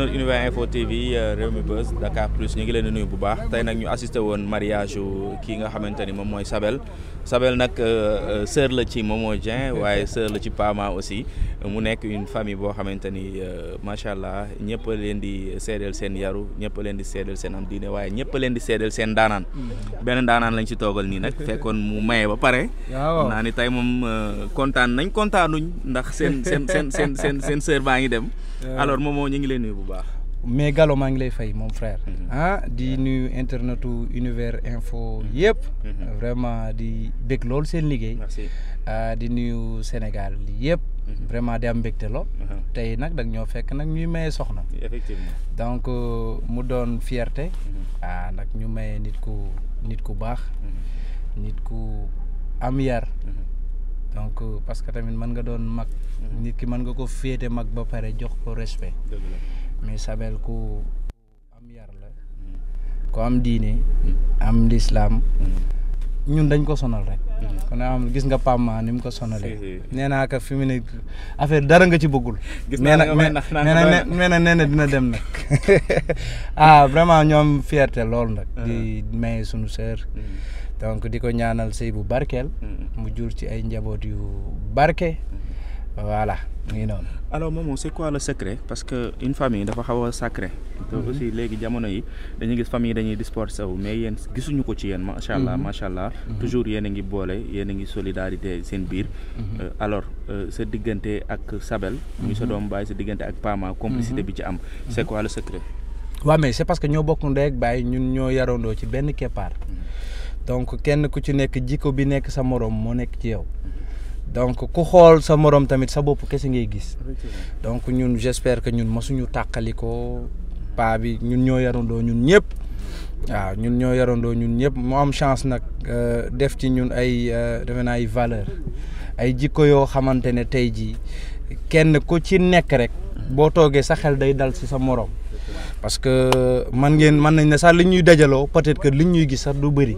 internet Univers Info TV euh, Rewmi Buzz Dakar Plus ñu ngi leen di nuyu bu baax tey nag ñu assisté woon mariage kii nga xamante ni moom mooy Sabel Sabel nag euh, euh, sœur la ci Momo Dieng waaye sœur la ci Pama aussi mu nekk une famille boo xamante ni macha allah ñëpp leen di seedeel seen yaru ñëpp leen di seedeel seen am diine waaye ñëpp leen di seedeel seen daanaan mm-hmm. benn daanaan lañ ci toogal nii nag fekkoon mu maye ba pare. naa ni tey moom kontaan nañ kontaanuñ ndax seen seen seen seen seen sœur baa ngi dem. Euh, alors Momo ñu ngi lay nuyu bu baax. mais Gallo maa ngi lay fay mon frère. Mhm. ah di nuyu internetu univers info mhm. yëpp. Mhm. vraiment di bëgg lol seen liggéey. Ah, di nuyu Sénégal yëpp. vraiment di am mbégte lol. Uh-huh. tey nag dag ñoo fekk nag ñuy maye soxna. effectivement donc euh, mu doon fierté. ah nag ñu maye nit ku nit ku baax. nit ku am yar. donc euh, parce que tamit mën nga doon mag. Mm-hmm. nit ki mën nga ko féete mag ba pare jox ko respect. mais Sabel ku am yar la. Mm-hmm. ku am diine. Mm-hmm. am lislaam ñun dañ ko sonal rek. kon am gis nga pamma ni mu ko sonalee. nee naa ko fi mu ne affaire dara nga ci bëggul. gis naa nga may nax na nee na dina dem nag. ah vraiment ñoom fierté lool nag. Ah. di may sunu sœur. donc diko ñaanal sey bu barkel mm-hmm. mu jur ci ay njabot yu barké mm-hmm. voilà ngi non alors Momo c'est quoi le secret parce que une famille dafa xawa sacré. Mm-hmm. do aussi légui jamono yi dañuy gis famille dañuy dispersé wu mais yeen gisunu ko ci yeen ma sha allah ma sha allah. toujours yeen ngi bolé yeen ngi solidarité seen bir euh, alors ce euh, digënté ak Sabel. muy sa dom bàyyi ce digënté ak Pama complicité bi ci am. c'est quoi le secret. wa mais c'est parce que ño bokku ndey ak bàyyi ñun ño yarondo ci ben képar donc kenn ku ci nek que bi nek sa morom mo nek ci yow donc ku xol sa morom tamit sa bop ngay gis donc j'espère que ñun nous takaliko pa bi ñun ño nous ñun ñëpp waaw ñun ño nous ñun ñëpp mo am chance euh, def ci ñun ay euh, valeur ay jiko ne ji kenn ku ci nek rek bo sa xel day dal ci sa parce que man ngeen mën nañ ne sax li ñuy dajaloo peut-être que li ñuy gis sax du bëri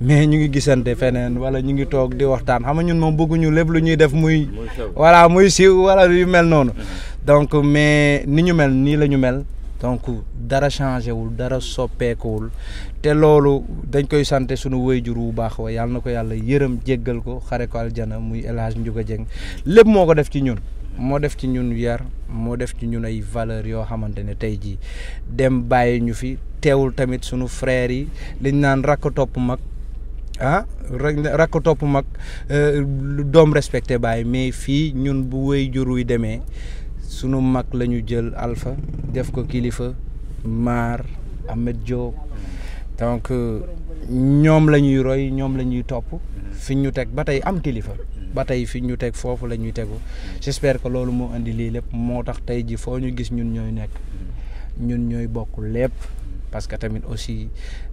mais ñu ngi gisante feneen wala ñu ngi toog di waxtaan xam nga ñun moom bëgguñu lépp lu ñuy def muy. voilà muy siiw wala yu mel noonu. donc mais ni ñu mel nii la ñu mel. donc dara changé wul dara soppeekuwul te loolu dañ koy sante suñu wéyjur wu baax wa yàlla na ko yàlla yërëm jéggal ko xare ko aljana muy El Hadj Ndiouga lépp moo ko def ci ñun. moo def ci ñun yar moo def ci ñun ay valeur yoo xamante ne tey jii dem bàyyi ñu fi teewul tamit sunu frères yi liñ naan rakk topp mag ah rakk topp mag euh, doom respecté bàyyi mais fii ñun bu wéy jur wi demee sunu mag la ñu jël alpha def ko kilifa maar amed Diop donc euh, ñoom la ñuy roy ñoom la ñuy topp fi ñu teg ba tey am kilifa ba tey fi ñu teg foofu la ñuy tegu j'espère ko loolu moo indi lii lépp moo tax tey ji foo ñu gis ñun ñooy nekk ñun ñooy bokk lépp parce que tamit aussi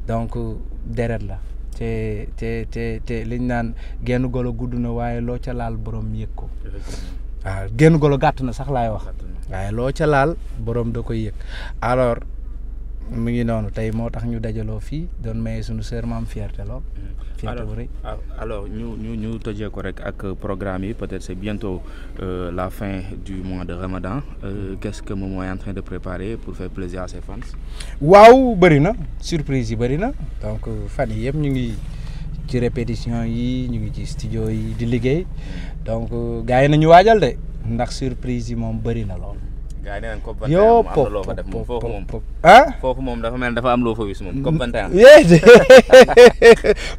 donc deret la te te te te liñ naan genn golo gudd na waaye loo ca laal borom yëg ko waaw genn golo gàtt na sax laay wax waaye loo ca laal borom da koy yëg alors mu ngi noonu tey moo tax ñu dajaloo fii doon maye suñu sœur maam fierté lool. fierté bu rëy alors ñu ñu ñu tëjee ko rek ak programme yi peut-être c'est bientôt euh, la fin du mois de Ramadan euh, qu'est-ce que Momo en train de préparer pour faire plaisir à ses fans. waaw bëri na surprise yi bëri na donc euh, fan yi yëpp ñu ngi ci répétition yi ñu ngi ci studio yi di liggéey donc euh, gars yi nañu waajal de ndax surprise yi moom bëri na lool. gars yi ko yow pop pop ah. foofu moom dafa mel dafa am loo fa wis moom COP mm-hmm. 21.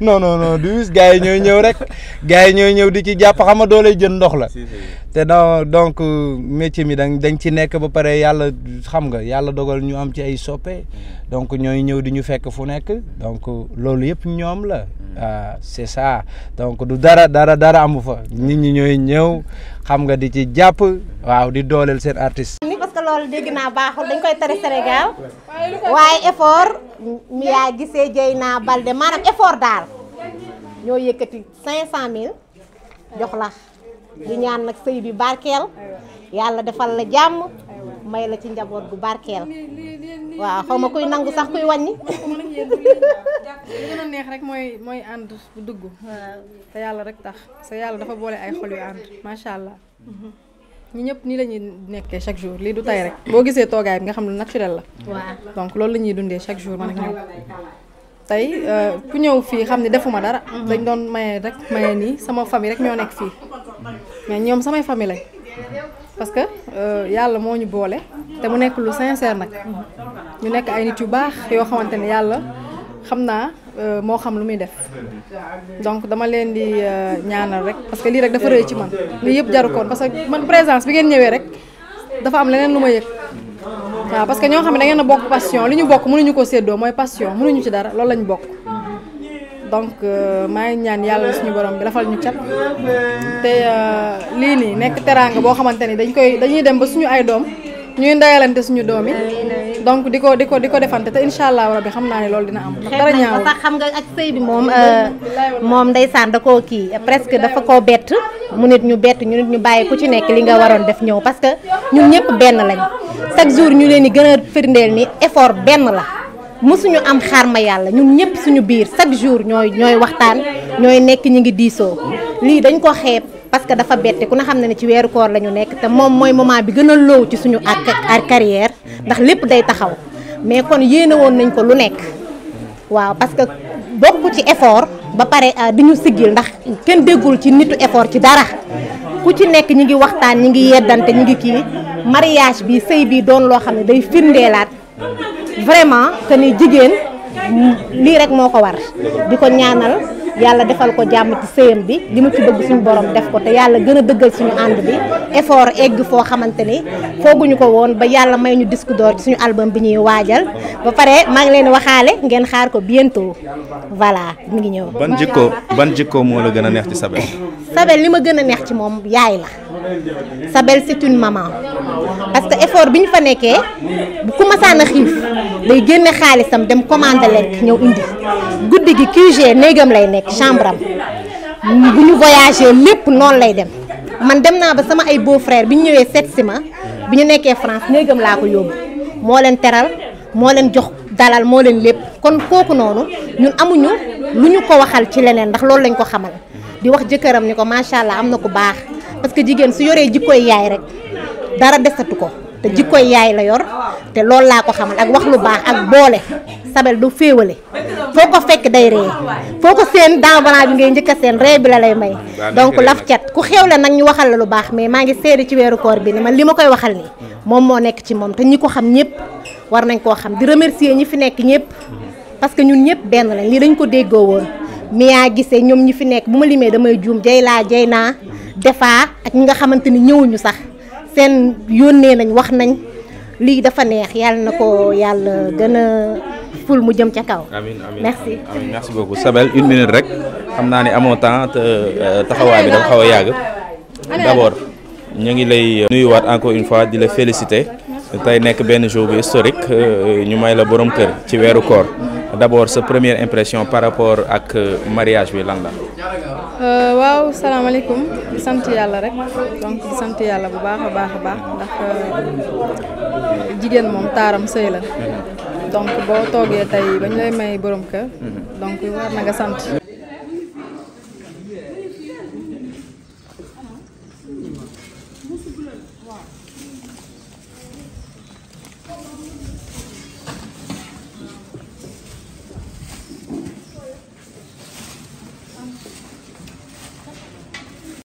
non non non du wis gars yi ñooy ñëw rek gars yi ñooy ñëw di ci jàpp xam nga doo jën ndox la. te non donc métier mi dañ dañ ci nekk ba pare yàlla xam nga yàlla dogal ñu am ci ay soppe. Mm-hmm. donc ñooy ñëw di ñu fekk fu nekk. donc loolu yëpp ñoom la. Mm-hmm. ah c'est ça donc du dara dara dara amu fa nit ñi ñooy ñëw xam nga di ci jàpp waaw di dooleel seen artiste. parce que loolu dégg naa baaxul dañ koy tere Sénégal waaye effort yaa gisee balde maanaam effort daal ñoo yëkkati 500000 jox la di ñaan nag sëy bi ya yàlla defal la jàmm may la ci njaboot gu barkel wa xaw ma kuy nangu sax kuy wàññi. li gën a neex rek mooy mooy ànd bu dugg rek tax dafa ay xol yu ànd allah. ñi ñëpp nii la ñuy nekkee chaque jour lii du tay rek boo gisee toogaay bi nga xam ne naturel la. donc loolu la ñuy dundee chaque jour man ak ñoom. tey euh, ku ñëw fii xam ne defuma dara. Mhm. dañ doon maye rek maye nii sama famille rek ñoo nekk fii mais ñoom samay famille lañ parce que euh, yàlla moo ñu boole te mu nekk lu sincère nag. Mhm. ñu nekk ay nit yu baax yoo xamante ne yàlla xam naa Eh, mo xam lu muy def donc dama len di eh, ñaanal rek parce que li rek dafa reuy ci man lii yëpp jaru koon parce que man présence bi ngeen ñëwee rek dafa am leneen lu ma yëg waaw parce que ño xam da ngeen a passion li ñu mënu ñu ko séddoo moy passion ñu ci dara loolu lañ bok donc eh, maa ngi ñaan yalla suñu borom bi dafal ñu te li ni nek teranga bo xamanteni dañ koy dañuy dem ba suñu ay doom ñuy ndayalante suñu donc di ko di ko di ko defante te incha allah rabbi xam naa ne loolu dina am. ndax dara sax xam nga ak sëy bi moom. Euh, moom ndeysaan da koo kii presque dafa ko bett mu nit ñu bett ñu nit ñu bàyyi ku ci nekk li nga waroon def ñëw parce que ñun ñëpp benn lañ chaque jour ñu leen di gën a firndeel ni effort benn la mosuñu am xaarma yàlla ñun ñëpp suñu biir chaque jour ñooy ñooy waxtaan ñooy nekk ñu ngi diisoo lii dañ ko xeeb. parce que dafa bette ku na xam ne ne ci weeru koor la ñu nekk te moom mooy moment bi gën a loow ci suñu ak carrière ndax lépp day taxaw mais kon yéene woon nañ ko lu nekk waaw parce que bokk ci effort ba pare ah, di ñu siggil ndax kenn déggul ci nitu effort ci dara ku ci nekk ñi ngi waxtaan ñi ngi yeddante ñi ngi kii mariage bi sëy bi doon loo xam ne day firndeelaat vraiment que ni jigéen lii rek moo ko war di ko ñaanal yàlla defal ko jàmm ci sëyam bi li mu ci bëgg suñu borom def ko te yàlla gën a dëggal suñu ànd bi effort egg foo xamante ni fooguñu ko woon ba yàlla may ñu disque d'or ci suñu album bi ñuy waajal ba pare maa ngi leen waxaale ngeen xaar ko bientôt voilà mu ngi ñëw. ban jikko ban jikko moo la gën a neex ci Sabel. Sabel li ma gën a neex ci moom yaay la Sabel c'est une maman parce que bi ñu fa nekkee ku masaan a xiif. lay génne xaalisam dem leen lekk ñëw indi guddi gi QG néegam lay nekk chambre am bu ñu voyagé lépp noonu lay dem man dem naa ba sama ay beau frère bi ñu ñëwee seet si ma bi ñu nekkee France néegam laa ko yóbbu moo leen teral moo leen jox dalal moo leen lépp kon kooku noonu ñun amuñu lu ñu ko waxal ci leneen ndax loolu lañ ko xamal di wax jëkkëram ni ko macha allah am na ku baax parce que jigéen su yoree jikkooy yaay rek dara desatu ko. te jikkoy yaay la yor te loolu laa ko xamal ak wax lu baax ak boole Sabel du féewale foo ko fekk day ree foo ko seen denvalant bi ngay njëkk a seen ree bi la lay may donc laf cat ku xewle nag ñu waxal la lu baax mais maa ngi seeri ci weeru koor bi ni man li ma koy waxal nii moom moo nekk ci moom te ñi ko xam ñëpp war nañ koo xam di remercier ñi fi nekk ñëpp parce que ñun ñëpp benn lañ lii dañ ko déggoo woon miyaa gisee ñoom ñi fi nekk bu ma limee damay juum jay laa jay naa defaa ak nga xamante ni ñëwuñu sax seen yónnee nañ wax nañ lii dafa neex yàlla na ko yàlla gën a mu jëm ca kaw. amiin amiin merci amiin merci beaucoup Sabel une minute rek xam naa ni amoo temps te euh, taxawaay bi dafa xaw a yàgg d'abord ñu ngi lay nuyuwaat encore une fois di la félicité tey nekk benn jour bu historique euh, ñu may la boroom kër ci weeru koor. d'abord sa première impression par rapport ak euh, mariage bi lan la. Euh, waaw salaamaaleykum sant yalla rek donc sant yalla bu baax a baax a baax ndax euh, jigéen moom taaram sëy la donc boo toogee tey bañ lay may borom kër donc war na nga sant.